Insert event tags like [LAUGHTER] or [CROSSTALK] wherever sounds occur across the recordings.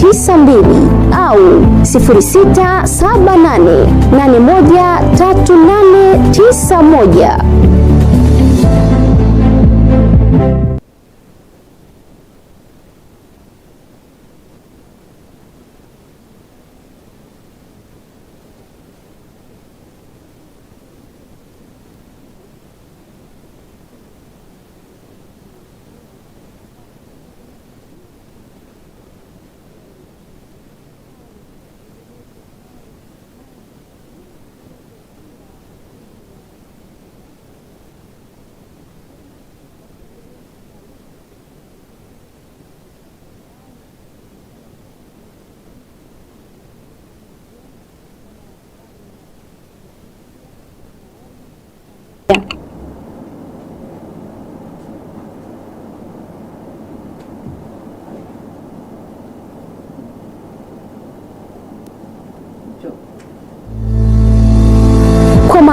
mbili au moja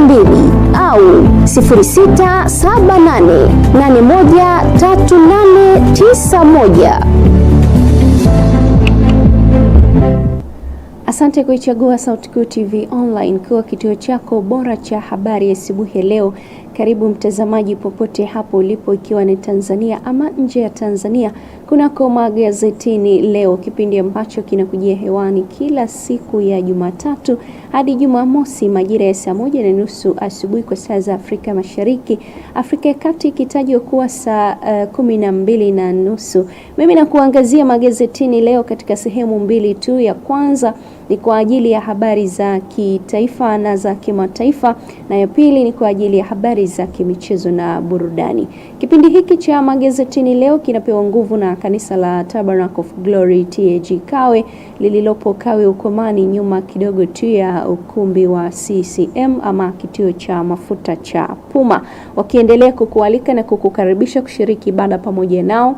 mbili au nane tatu tisa moja Asante kuichagua Kuu TV Online kuwa kituo chako bora cha habari asubuhi ya leo. Karibu mtazamaji, popote hapo ulipo, ikiwa ni Tanzania ama nje ya Tanzania, kunako magazetini leo, kipindi ambacho kinakujia hewani kila siku ya Jumatatu hadi Jumamosi majira ya saa moja na nusu asubuhi kwa saa za Afrika Mashariki, Afrika ya Kati ikitajwa kuwa saa uh, kumi na mbili na nusu. Mimi nakuangazia magazetini leo katika sehemu mbili tu, ya kwanza ni kwa ajili ya habari za kitaifa na za kimataifa, na ya pili ni kwa ajili ya habari za kimichezo na burudani. Kipindi hiki cha magazetini leo kinapewa nguvu na kanisa la Tabernacle of Glory TAG Kawe lililopo Kawe Ukomani, nyuma kidogo tu ya ukumbi wa CCM ama kituo cha mafuta cha Puma, wakiendelea kukualika na kukukaribisha kushiriki ibada pamoja nao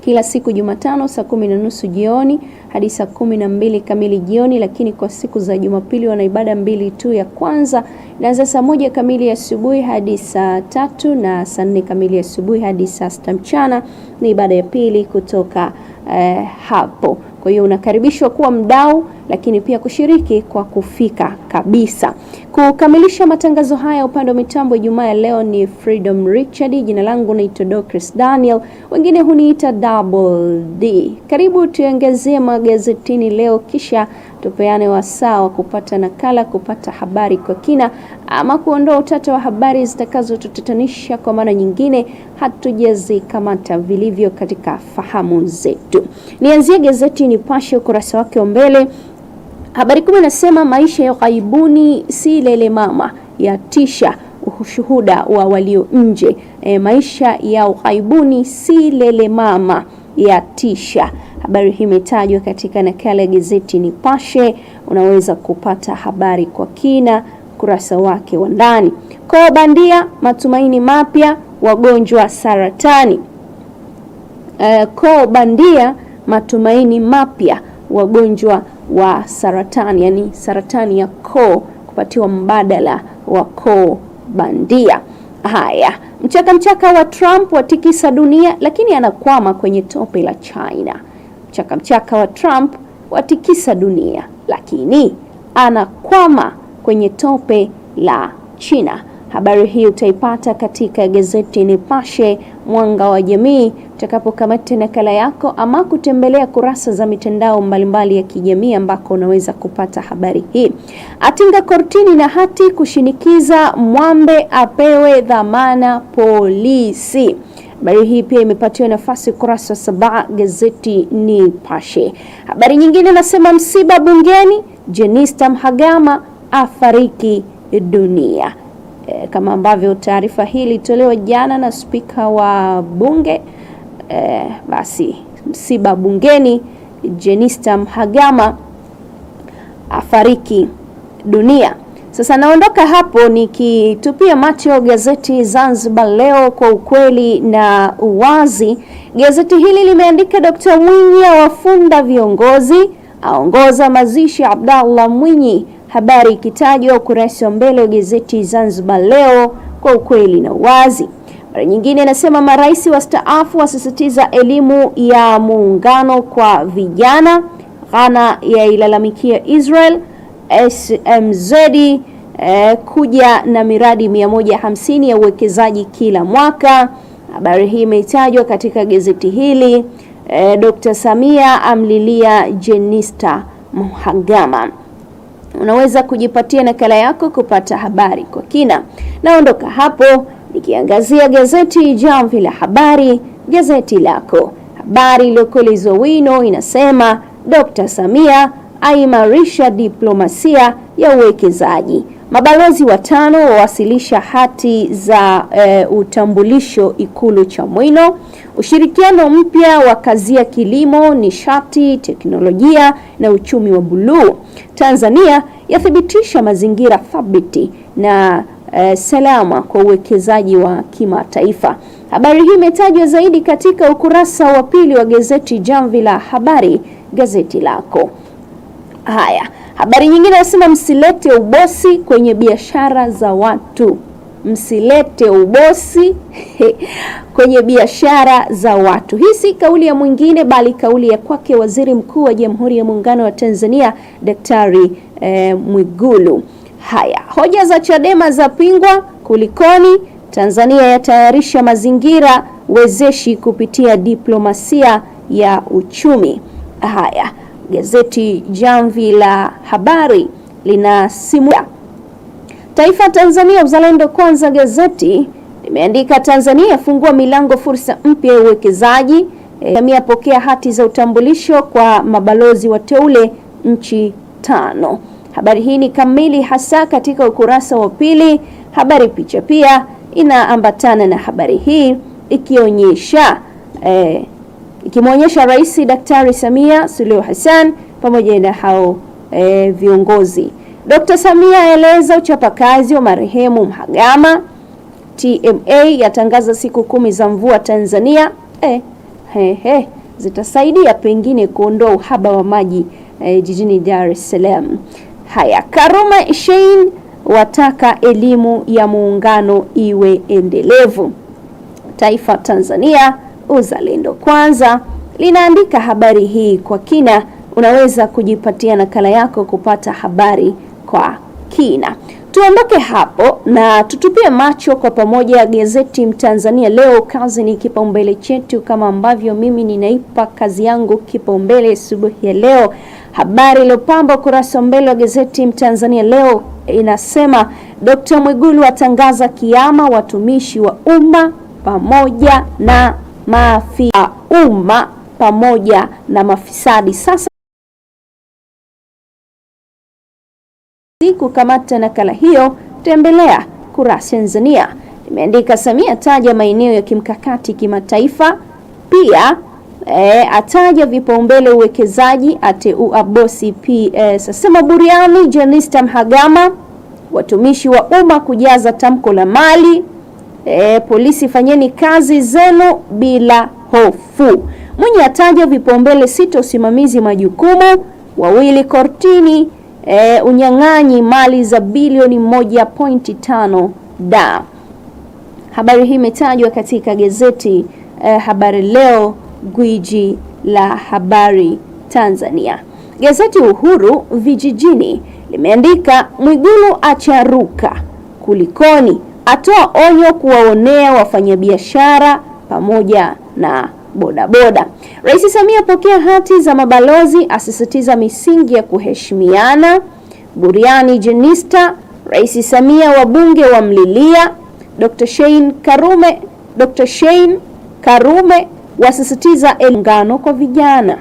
kila siku Jumatano saa kumi na nusu jioni hadi saa kumi na mbili kamili jioni, lakini kwa siku za Jumapili wana ibada mbili tu. Ya kwanza inaanza saa moja kamili asubuhi hadi saa tatu na saa nne kamili asubuhi hadi saa sita mchana ni ibada ya pili kutoka eh, hapo kwa hiyo unakaribishwa kuwa mdau, lakini pia kushiriki kwa kufika kabisa. Kukamilisha matangazo haya upande wa mitambo Ijumaa ya leo ni Freedom Richard, jina langu naitwa Dorcas Daniel, wengine huniita Double D. Karibu tuongezee magazetini leo kisha tupeane wasaa wa kupata nakala, kupata habari kwa kina, ama kuondoa utata wa habari zitakazotutatanisha kwa maana nyingine hatujazikamata vilivyo katika fahamu zetu. Nianzie gazeti Nipashe ukurasa wake wa mbele, habari kubwa inasema maisha ya ghaibuni si lele mama ya tisha ushuhuda wa walio nje. E, maisha ya ughaibuni si lele mama tisha Habari hii imetajwa katika nakala ya gazeti Nipashe. Unaweza kupata habari kwa kina kurasa wake wa ndani. Kwa bandia, matumaini mapya wagonjwa saratani. E, kwa bandia, matumaini mapya wagonjwa wa saratani, yani saratani ya koo kupatiwa mbadala wa koo bandia. Haya, mchaka mchaka wa Trump watikisa dunia, lakini anakwama kwenye tope la China mchaka wa Trump watikisa dunia, lakini anakwama kwenye tope la China. Habari hii utaipata katika gazeti Nipashe Mwanga wa Jamii utakapokamata nakala yako, ama kutembelea kurasa za mitandao mbalimbali ya kijamii ambako unaweza kupata habari hii. Atinga kortini na hati kushinikiza Mwambe apewe dhamana polisi. Habari hii pia imepatiwa nafasi kurasa wa saba gazeti Nipashe. Habari nyingine nasema msiba bungeni, Jenista Mhagama afariki dunia. E, kama ambavyo taarifa hii ilitolewa jana na spika wa bunge e, basi msiba bungeni, Jenista Mhagama afariki dunia. Sasa naondoka hapo nikitupia macho gazeti Zanzibar Leo kwa ukweli na uwazi. Gazeti hili limeandika Dr. Mwinyi awafunda viongozi, aongoza mazishi Abdallah Mwinyi, habari ikitajwa ukurasa wa mbele wa gazeti Zanzibar Leo kwa ukweli na uwazi. Mara nyingine inasema marais wastaafu wasisitiza elimu ya muungano kwa vijana, Ghana yailalamikia Israel SMZ eh, kuja na miradi 150 ya uwekezaji kila mwaka. Habari hii imetajwa katika gazeti hili. Eh, Dr. Samia amlilia Jenista Mhagama. Unaweza kujipatia nakala yako kupata habari kwa kina. Naondoka hapo nikiangazia gazeti Jamvi la Habari, gazeti lako. Habari iliyokolezwa wino inasema Dr. Samia aimarisha diplomasia ya uwekezaji. Mabalozi watano wawasilisha hati za e, utambulisho Ikulu Chamwino. Ushirikiano mpya wa kazia kilimo, nishati, teknolojia na uchumi wa buluu. Tanzania yathibitisha mazingira thabiti na e, salama kwa uwekezaji wa kimataifa. Habari hii imetajwa zaidi katika ukurasa wa pili wa gazeti Jamvi la Habari, gazeti lako. Haya, habari nyingine nasema msilete ubosi kwenye biashara za watu, msilete ubosi [LAUGHS] kwenye biashara za watu. Hii si kauli ya mwingine, bali kauli ya kwake Waziri Mkuu wa Jamhuri ya Muungano wa Tanzania Daktari eh, Mwigulu. Haya, hoja za Chadema za pingwa kulikoni? Tanzania yatayarisha mazingira wezeshi kupitia diplomasia ya uchumi. Haya. Gazeti Jamvi la Habari lina simu Taifa Tanzania Uzalendo Kwanza gazeti limeandika Tanzania fungua milango fursa mpya ya uwekezaji. Eh, Samia e, pokea hati za utambulisho kwa mabalozi wateule nchi tano. Habari hii ni kamili hasa katika ukurasa wa pili. Habari picha pia inaambatana na habari hii ikionyesha e, ikimwonyesha Rais Daktari Samia Suluhu Hassan pamoja na hao e, viongozi. Dkt. Samia aeleza uchapakazi wa marehemu Mhagama. TMA yatangaza siku kumi za mvua Tanzania. E, he, he, zitasaidia pengine kuondoa uhaba wa maji e, jijini Dar es Salaam. Haya, Karuma Shein wataka elimu ya muungano iwe endelevu. Taifa Tanzania Uzalendo Kwanza linaandika habari hii kwa kina. Unaweza kujipatia nakala yako kupata habari kwa kina. Tuondoke hapo na tutupie macho kwa pamoja gazeti Mtanzania Leo. Kazi ni kipaumbele chetu, kama ambavyo mimi ninaipa kazi yangu kipaumbele subuhi ya leo. Habari iliyopamba ukurasa wa mbele wa gazeti Mtanzania Leo inasema Dkt. Mwigulu atangaza kiama watumishi wa umma pamoja na mafia ah, umma pamoja na mafisadi. Sasa kukamata nakala hiyo, tembelea kurasa Tanzania. Nimeandika Samia taja maeneo ya kimkakati kimataifa, pia e, ataja vipaumbele uwekezaji, ateua bosi PS, asema buriani Jenista Mhagama, watumishi wa umma kujaza tamko la mali E, polisi fanyeni kazi zenu bila hofu. Mwinyi ataja vipaumbele sita usimamizi majukumu, wawili kortini, e, unyang'anyi mali za bilioni moja pointi tano da. Habari hii imetajwa katika gazeti e, Habari Leo, gwiji la habari Tanzania. Gazeti Uhuru vijijini limeandika Mwigulu acharuka, kulikoni? atoa onyo kuwaonea wafanyabiashara pamoja na bodaboda. Rais Samia apokea hati za mabalozi, asisitiza misingi ya kuheshimiana. Buriani Jenista, Rais Samia wabunge wamlilia. Dr. Shein Karume, Dr. Shein Karume wasisitiza elungano kwa vijana.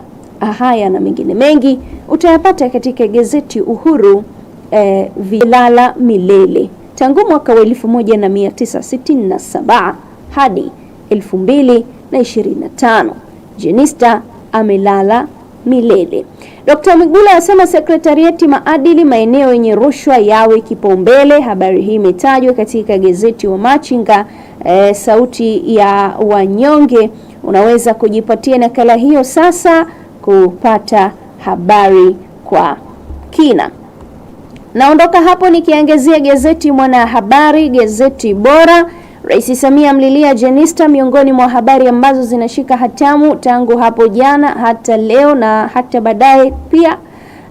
Haya na mengine mengi utayapata katika gazeti Uhuru eh, vilala milele tangu mwaka wa 1967 hadi 2025. Jenista amelala milele. Dr. Migula asema sekretarieti maadili maeneo yenye rushwa yawe kipaumbele. Habari hii imetajwa katika gazeti wa Machinga e, sauti ya wanyonge. Unaweza kujipatia nakala hiyo sasa kupata habari kwa kina. Naondoka hapo nikiangazia gazeti Mwanahabari, gazeti bora. Rais Samia amlilia Jenista, miongoni mwa habari ambazo zinashika hatamu tangu hapo jana hata leo na hata baadaye pia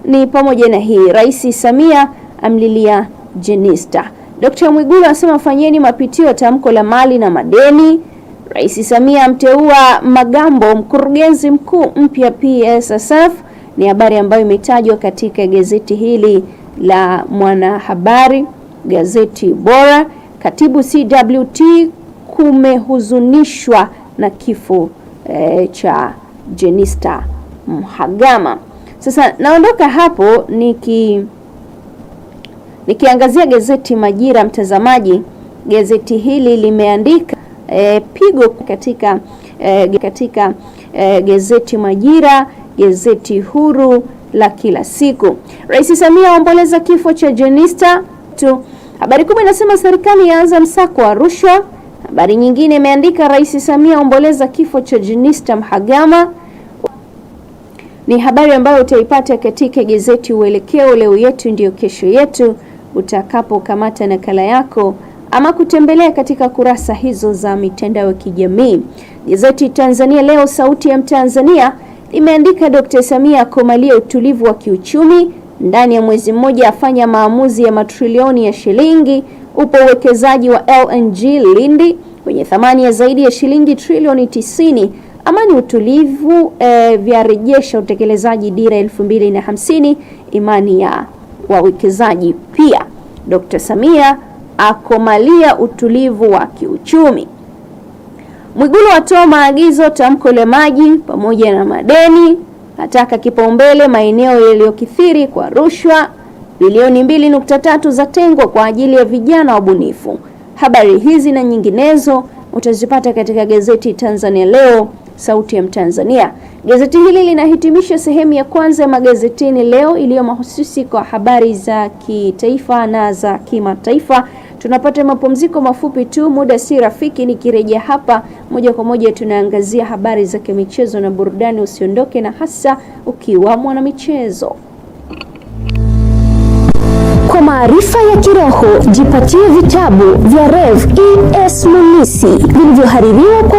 ni pamoja na hii, Rais Samia amlilia Jenista. Dkt. Mwigulu asema fanyeni mapitio tamko la mali na madeni. Rais Samia amteua Magambo mkurugenzi mkuu mpya PSSF, ni habari ambayo imetajwa katika gazeti hili la Mwanahabari, gazeti bora. Katibu CWT kumehuzunishwa na kifo e, cha Jenista Mhagama. Sasa naondoka hapo niki nikiangazia gazeti Majira. Mtazamaji, gazeti hili limeandika e, pigo katika, e, katika e, gazeti Majira, gazeti Huru la kila siku. Rais Samia aomboleza kifo cha Jenista tu. Habari kubwa inasema serikali yaanza msako wa rushwa. Habari nyingine imeandika Rais Samia aomboleza kifo cha Jenista Mhagama. Ni habari ambayo utaipata katika gazeti Uelekeo, leo yetu ndiyo kesho yetu, utakapokamata nakala yako ama kutembelea katika kurasa hizo za mitandao ya kijamii. Gazeti Tanzania Leo, sauti ya Mtanzania imeandika Dkt. Samia akomalia utulivu wa kiuchumi, ndani ya mwezi mmoja afanya maamuzi ya matrilioni ya shilingi. Upo uwekezaji wa LNG Lindi wenye thamani ya zaidi ya shilingi trilioni 90. Amani utulivu e, eh, vyarejesha utekelezaji dira 2050, imani ya wawekezaji. Pia Dkt. Samia akomalia utulivu wa kiuchumi. Mwigulu atoa maagizo tamko la maji pamoja na madeni, ataka kipaumbele maeneo yaliyokithiri kwa rushwa. Bilioni 2.3 zatengwa kwa ajili ya vijana wabunifu. Habari hizi na nyinginezo utazipata katika gazeti Tanzania Leo, sauti ya Mtanzania. Gazeti hili linahitimisha sehemu ya kwanza ya magazetini leo iliyo mahususi kwa habari za kitaifa na za kimataifa. Tunapata mapumziko mafupi tu, muda si rafiki. Nikirejea hapa moja kwa moja, tunaangazia habari za kimichezo na burudani. Usiondoke, na hasa ukiwa mwanamichezo. Kwa maarifa ya kiroho jipatie vitabu vya Rev E S Munisi vilivyohaririwa kwa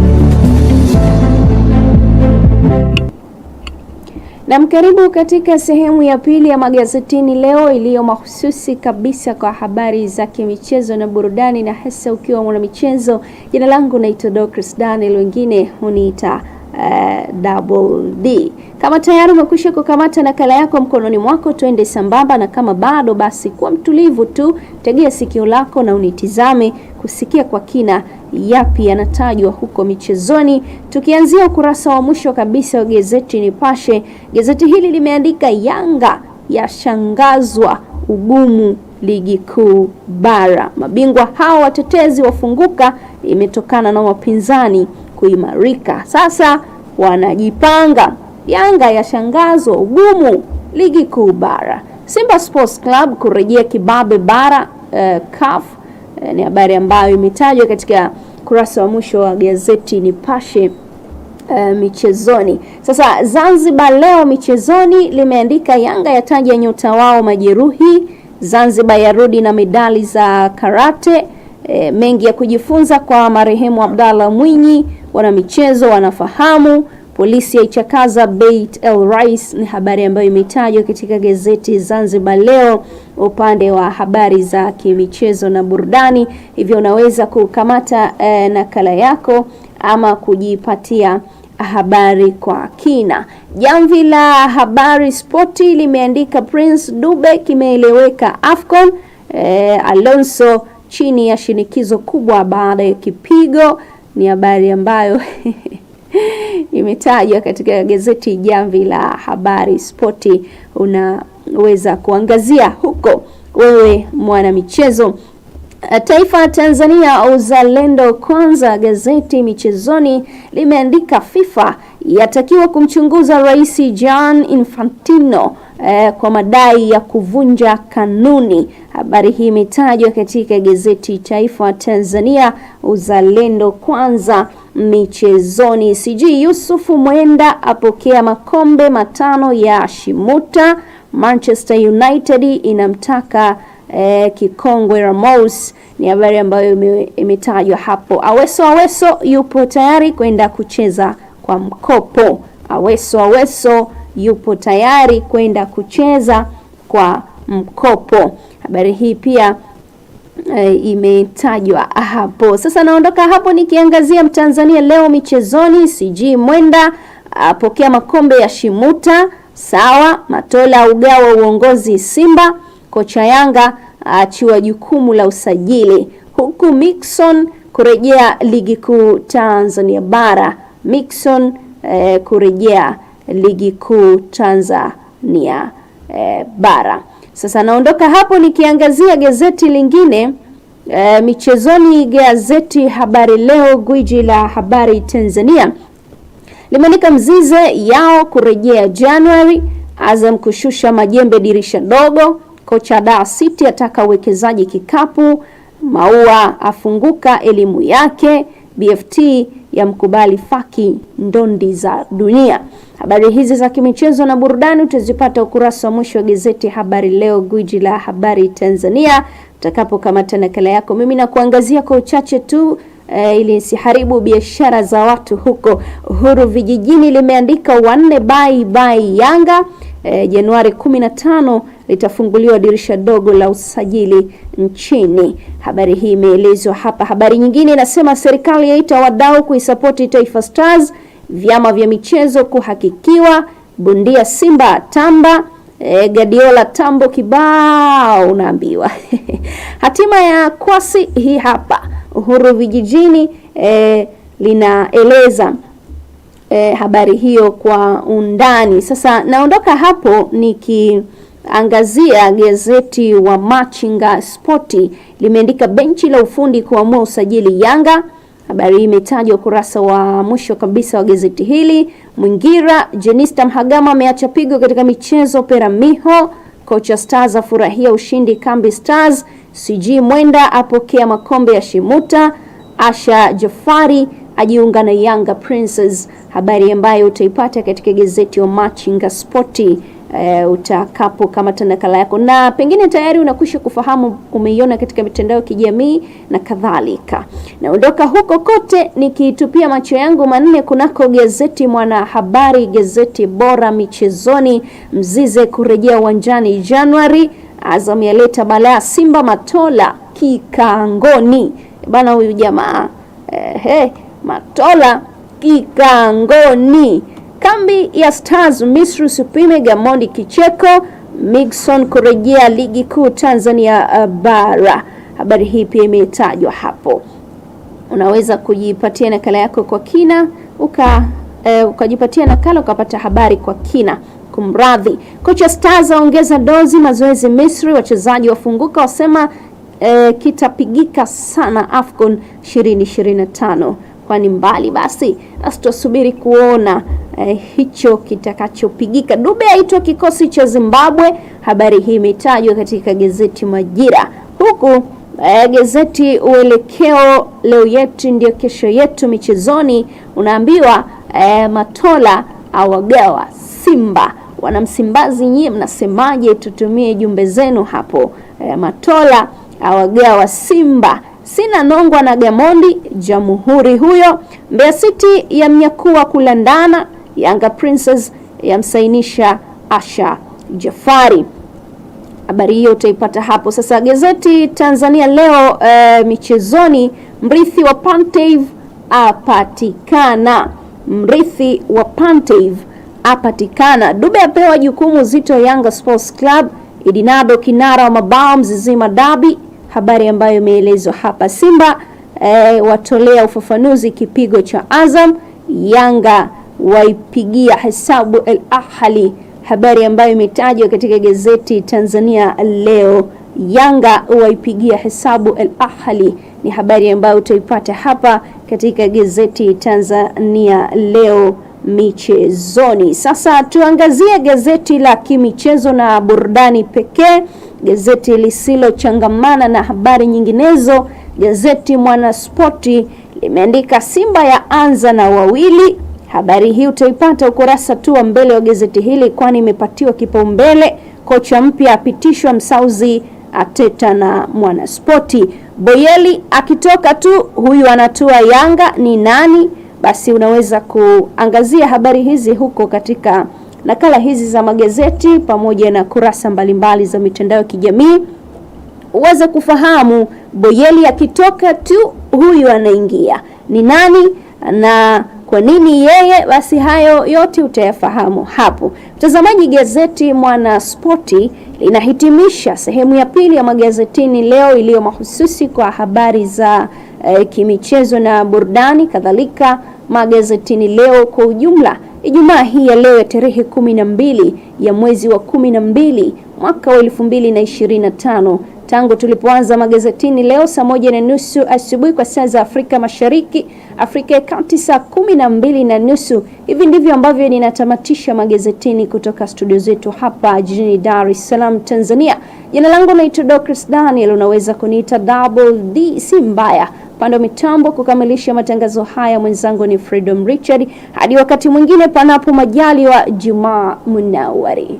Namkaribu katika sehemu ya pili ya magazetini leo iliyo mahususi kabisa kwa habari za kimichezo na burudani, na hasa ukiwa mwanamichezo. Jina langu naitwa Dorcas Daniel, wengine huniita Double D. Kama tayari umekwisha kukamata nakala yako mkononi mwako, twende sambamba, na kama bado, basi kuwa mtulivu tu, tegea sikio lako na unitizame kusikia kwa kina yapi yanatajwa huko michezoni, tukianzia ukurasa wa mwisho kabisa wa gazeti Nipashe. Gazeti hili limeandika Yanga yashangazwa ugumu ligi kuu bara, mabingwa hao watetezi wafunguka, imetokana na wapinzani kuimarika. Sasa wanajipanga. Yanga yashangazwa ugumu ligi kuu bara. Simba Sports Club kurejea kibabe bara uh, CAF uh, ni habari ambayo imetajwa katika kurasa wa mwisho wa gazeti Nipashe. Uh, michezoni sasa. Zanzibar Leo michezoni limeandika Yanga yataja nyota wao majeruhi, Zanzibar yarudi na medali za karate. E, mengi ya kujifunza kwa marehemu Abdallah Mwinyi. Wanamichezo wanafahamu polisi yaichakaza Beit El Rais, ni habari ambayo imetajwa katika gazeti Zanzibar Leo upande wa habari za kimichezo na burudani. Hivyo unaweza kukamata eh, nakala yako ama kujipatia habari kwa kina. Jamvi la habari spoti limeandika Prince Dube kimeeleweka AFCON, eh, Alonso chini ya shinikizo kubwa baada ya kipigo ni habari ambayo [LAUGHS] imetajwa katika gazeti Jamvi la Habari Spoti. Unaweza kuangazia huko wewe mwana michezo. Taifa Tanzania, uzalendo kwanza. Gazeti michezoni limeandika FIFA yatakiwa kumchunguza Rais John Infantino eh, kwa madai ya kuvunja kanuni. Habari hii imetajwa katika gazeti Taifa Tanzania, Uzalendo Kwanza. Michezoni, CJ Yusufu Mwenda apokea makombe matano ya Shimuta. Manchester United inamtaka eh, kikongwe Ramos. Ni habari ambayo imetajwa hapo. Aweso Aweso yupo tayari kwenda kucheza kwa mkopo. Aweso Aweso yupo tayari kwenda kucheza kwa mkopo. Habari hii pia e, imetajwa hapo. Sasa naondoka hapo nikiangazia Mtanzania leo michezoni. CG Mwenda apokea makombe ya Shimuta, sawa. Matola ugawa uongozi Simba, kocha Yanga achiwa jukumu la usajili, huku Mixon kurejea ligi kuu Tanzania bara. Mixon e, kurejea ligi kuu Tanzania e, bara. Sasa naondoka hapo nikiangazia gazeti lingine e, michezoni. Gazeti Habari Leo, gwiji la habari Tanzania, limeandika mzize yao kurejea Januari, Azam kushusha majembe dirisha dogo, kocha da City ataka uwekezaji kikapu, Maua afunguka elimu yake, BFT yamkubali faki ndondi za dunia. Habari hizi za kimichezo na burudani utazipata ukurasa wa mwisho wa gazeti Habari Leo, gwiji la habari Tanzania, utakapokamata nakala yako. Mimi nakuangazia kwa uchache tu E, ili siharibu biashara za watu huko. Uhuru Vijijini limeandika wanne bai bai Yanga. e, Januari 15 litafunguliwa dirisha dogo la usajili nchini. Habari hii imeelezwa hapa. Habari nyingine inasema serikali yaita wadau kuisapoti Taifa Stars vyama vya michezo kuhakikiwa, bundia Simba tamba E, Guardiola tambo kibao unaambiwa. [LAUGHS] Hatima ya kwasi hii hapa. Uhuru Vijijini e, linaeleza e, habari hiyo kwa undani. Sasa naondoka hapo nikiangazia gazeti wa Machinga Spoti limeandika benchi la ufundi kuamua usajili Yanga. Habari hii imetajwa ukurasa wa mwisho kabisa wa gazeti hili. Mwingira Jenista Mhagama ameacha pigo katika michezo Peramiho. Kocha Stars afurahia ushindi Kambi Stars. CG Mwenda apokea makombe ya Shimuta. Asha Jafari ajiunga na Yanga Princess, habari ambayo utaipata katika gazeti wa Machinga Sporti e, eh, utakapokamata nakala yako, na pengine tayari unakwisha kufahamu, umeiona katika mitandao ya kijamii na kadhalika. Naondoka huko kote nikitupia macho yangu manne kunako gazeti Mwanahabari, gazeti bora michezoni. Mzize kurejea uwanjani Januari, Azam yaleta balaa Simba, Matola kikangoni eh, bana, huyu jamaa ehe, Matola kikangoni Kambi ya Stars Misri Supreme Gamondi Kicheko Mixon kurejea ligi kuu Tanzania uh, bara. Habari hii pia imetajwa hapo. Unaweza kujipatia nakala yako kwa kina uka e, ukajipatia nakala ukapata habari kwa kina. Kumradhi, kocha Stars aongeza dozi mazoezi Misri. Wachezaji wafunguka wasema e, kitapigika sana AFCON 2025 kwani mbali basi, basi tutasubiri kuona eh, hicho kitakachopigika. Dube aitwa kikosi cha Zimbabwe. Habari hii imetajwa katika gazeti Majira, huku eh, gazeti Uelekeo, leo yetu ndio kesho yetu, michezoni unaambiwa eh, Matola awagawa Simba. wanamsimbazi nyie mnasemaje? Tutumie jumbe zenu hapo eh, Matola awagawa Simba sina nongwa na Gamondi jamhuri huyo. Mbeya City yamnyakuwa kulandana, Yanga Princess yamsainisha Asha Jafari. Habari hiyo utaipata hapo sasa. Gazeti Tanzania Leo e, michezoni, mrithi wa Pantave apatikana. Mrithi wa Pantave apatikana. Dube apewa jukumu zito Yanga Sports Club. Idinado kinara wa mabao Mzizima Dabi habari ambayo imeelezwa hapa. Simba e, watolea ufafanuzi kipigo cha Azam. Yanga waipigia hesabu Al Ahli, habari ambayo imetajwa katika gazeti Tanzania Leo. Yanga waipigia hesabu Al Ahli ni habari ambayo utaipata hapa katika gazeti Tanzania Leo michezoni. Sasa tuangazie gazeti la kimichezo na burudani pekee, gazeti lisilochangamana na habari nyinginezo. Gazeti Mwanaspoti limeandika Simba ya anza na wawili. Habari hii utaipata ukurasa tu wa mbele wa gazeti hili, kwani imepatiwa kipaumbele. Kocha mpya apitishwa Msauzi, Ateta na Mwanaspoti. Boyeli akitoka tu huyu anatua Yanga ni nani? basi unaweza kuangazia habari hizi huko katika nakala hizi za magazeti pamoja na kurasa mbalimbali za mitandao ya kijamii uweze kufahamu Boyeli akitoka tu huyu anaingia ni nani na kwa nini yeye. Basi hayo yote utayafahamu hapo. Mtazamaji, gazeti Mwana Spoti linahitimisha sehemu ya pili ya magazetini leo iliyo mahususi kwa habari za e, kimichezo na burudani, kadhalika magazetini leo kwa ujumla. Ijumaa hii ya leo ya tarehe kumi na mbili ya mwezi wa kumi na mbili mwaka wa elfu mbili na ishirini na tano tangu tulipoanza magazetini leo saa moja na nusu asubuhi kwa saa za Afrika Mashariki, Afrika ya Kati saa kumi na mbili na nusu. Hivi ndivyo ambavyo ninatamatisha magazetini kutoka studio zetu hapa jijini Dar es Salaam, Tanzania. Jina langu naitwa Dorcas Daniel, unaweza kuniita Double D, si mbaya. Pande wa mitambo kukamilisha matangazo haya, mwenzangu ni Freedom Richard. Hadi wakati mwingine, panapo majaliwa, Jumaa Munawari.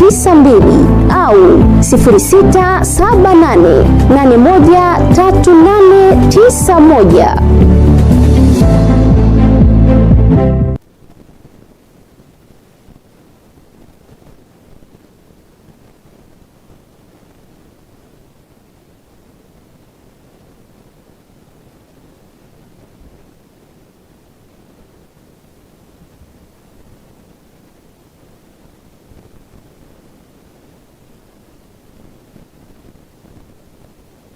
mbili au moja